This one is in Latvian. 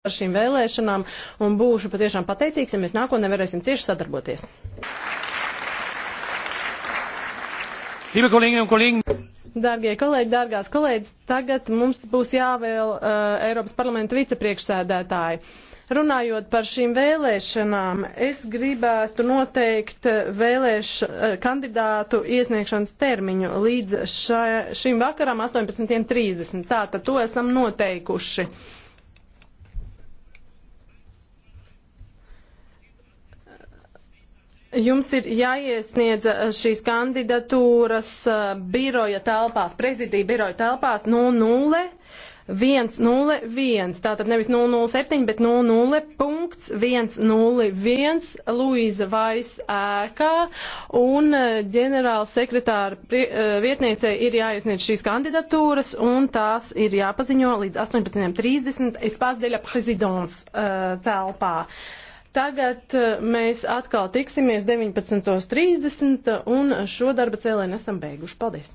par šīm vēlēšanām un būšu patiešām pateicīgs, ja mēs nākotnē varēsim cieši sadarboties. Dārgie kolēģi, dārgās kolēģis, tagad mums būs jāvēl uh, Eiropas parlamenta vicepriekšsēdētāji. Runājot par šīm vēlēšanām, es gribētu noteikt vēlēš, uh, kandidātu iesniegšanas termiņu līdz šai, šim vakaram 18.30. Tātad to esam noteikuši. Jums ir jāiesniedz eh, šīs kandidatūras eh, biroja telpās, prezidija biroja telpās 00 101, tātad nevis 007, bet 00.101 Luīza Vais ēkā, un eh, ģenerāla sekretāra vietniecei ir jāiesniedz šīs kandidatūras, un tās ir jāpaziņo līdz 18.30 Espace de la Présidence telpā. Uh, Tagad eh, mēs atkal tiksimies 19.30 eh, un šo darba cēlē nesam beiguši. Paldies!